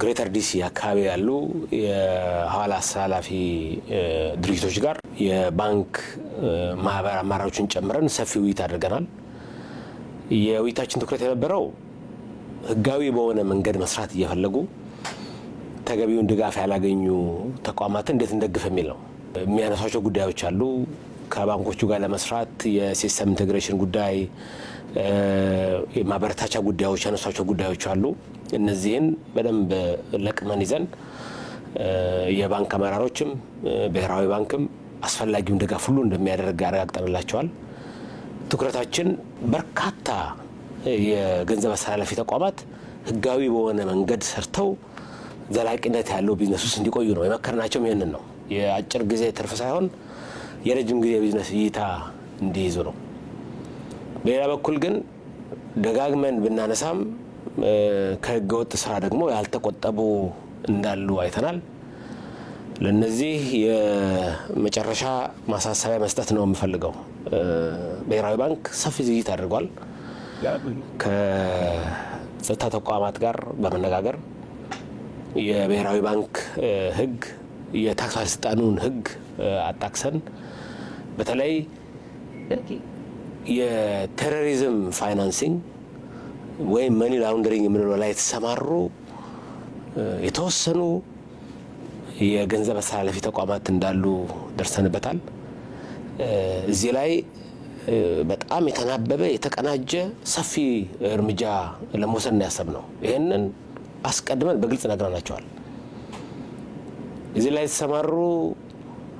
ግሬተር ዲሲ አካባቢ ያሉ የኋላ አስተላላፊ ድርጅቶች ጋር የባንክ ማህበር አማራሮችን ጨምረን ሰፊ ውይይት አድርገናል። የውይይታችን ትኩረት የነበረው ህጋዊ በሆነ መንገድ መስራት እየፈለጉ ተገቢውን ድጋፍ ያላገኙ ተቋማትን እንዴት እንደግፍ የሚል ነው። የሚያነሷቸው ጉዳዮች አሉ። ከባንኮቹ ጋር ለመስራት የሲስተም ኢንቴግሬሽን ጉዳይ፣ የማበረታቻ ጉዳዮች ያነሷቸው ጉዳዮች አሉ። እነዚህን በደንብ ለቅመን ይዘን የባንክ አመራሮችም ብሔራዊ ባንክም አስፈላጊውን ድጋፍ ሁሉ እንደሚያደርግ አረጋግጠንላቸዋል። ትኩረታችን በርካታ የገንዘብ አስተላላፊ ተቋማት ህጋዊ በሆነ መንገድ ሰርተው ዘላቂነት ያለው ቢዝነስ ውስጥ እንዲቆዩ ነው የመከርናቸውም ይህንን ነው። የአጭር ጊዜ ትርፍ ሳይሆን የረጅም ጊዜ ቢዝነስ እይታ እንዲይዙ ነው። በሌላ በኩል ግን ደጋግመን ብናነሳም ከህገወጥ ስራ ደግሞ ያልተቆጠቡ እንዳሉ አይተናል። ለነዚህ የመጨረሻ ማሳሰቢያ መስጠት ነው የምፈልገው። ብሔራዊ ባንክ ሰፊ ዝግጅት አድርጓል። ከጸጥታ ተቋማት ጋር በመነጋገር የብሔራዊ ባንክ ህግ፣ የታክስ ባለስልጣኑን ህግ አጣክሰን በተለይ የቴሮሪዝም ፋይናንሲንግ ወይም መኒ ላውንደሪንግ የምንለው ላይ የተሰማሩ የተወሰኑ የገንዘብ አስተላላፊ ተቋማት እንዳሉ ደርሰንበታል። እዚህ ላይ በጣም የተናበበ የተቀናጀ ሰፊ እርምጃ ለመውሰድ ነው ይህንን አስቀድመን በግልጽ ነግረናቸዋል። እዚህ ላይ የተሰማሩ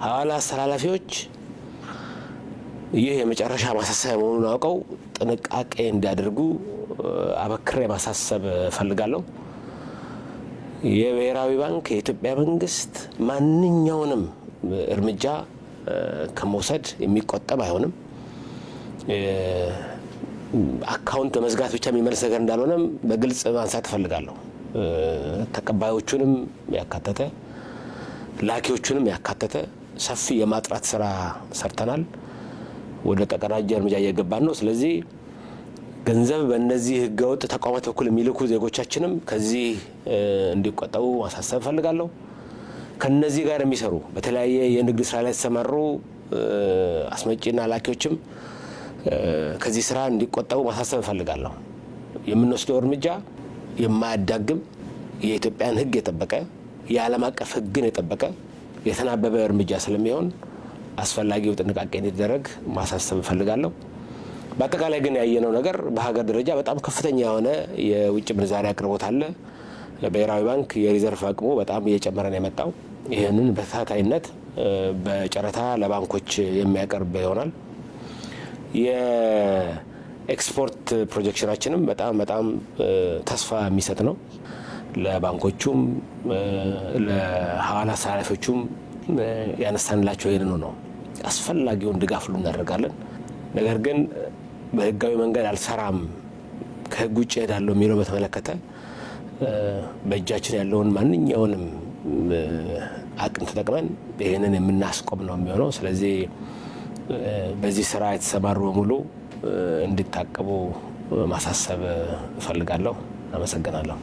ሀዋላ አስተላላፊዎች ይህ የመጨረሻ ማሳሰቢያ መሆኑን አውቀው ጥንቃቄ እንዲያደርጉ አበክሬ ማሳሰብ እፈልጋለሁ። የብሔራዊ ባንክ የኢትዮጵያ መንግስት ማንኛውንም እርምጃ ከመውሰድ የሚቆጠብ አይሆንም። አካውንት በመዝጋት ብቻ የሚመልስ ነገር እንዳልሆነም በግልጽ ማንሳት እፈልጋለሁ። ተቀባዮቹንም ያካተተ ላኪዎቹንም ያካተተ ሰፊ የማጥራት ስራ ሰርተናል። ወደ ተቀናጀ እርምጃ እየገባን ነው። ስለዚህ ገንዘብ በእነዚህ ህገወጥ ተቋማት በኩል የሚልኩ ዜጎቻችንም ከዚህ እንዲቆጠቡ ማሳሰብ እፈልጋለሁ። ከነዚህ ጋር የሚሰሩ በተለያየ የንግድ ስራ ላይ የተሰማሩ አስመጪና ላኪዎችም ከዚህ ስራ እንዲቆጠቡ ማሳሰብ እፈልጋለሁ። የምንወስደው እርምጃ የማያዳግም የኢትዮጵያን ህግ የጠበቀ የዓለም አቀፍ ህግን የጠበቀ የተናበበ እርምጃ ስለሚሆን አስፈላጊው ጥንቃቄ እንዲደረግ ማሳሰብ እፈልጋለሁ። በአጠቃላይ ግን ያየነው ነገር በሀገር ደረጃ በጣም ከፍተኛ የሆነ የውጭ ምንዛሪ አቅርቦት አለ። ብሔራዊ ባንክ የሪዘርቭ አቅሙ በጣም እየጨመረ ነው የመጣው። ይህንን በተከታታይነት በጨረታ ለባንኮች የሚያቀርብ ይሆናል። የኤክስፖርት ፕሮጀክሽናችንም በጣም በጣም ተስፋ የሚሰጥ ነው። ለባንኮቹም ለሀዋላ አስተላላፊዎቹም ያነሳንላቸው ይህንኑ ነው። አስፈላጊውን ድጋፍ ሁሉ እናደርጋለን። ነገር ግን በህጋዊ መንገድ አልሰራም ከህግ ውጭ ሄዳለው የሚለው በተመለከተ በእጃችን ያለውን ማንኛውንም አቅም ተጠቅመን ይህንን የምናስቆም ነው የሚሆነው። ስለዚህ በዚህ ስራ የተሰማሩ በሙሉ እንዲታቀቡ ማሳሰብ እፈልጋለሁ። አመሰግናለሁ።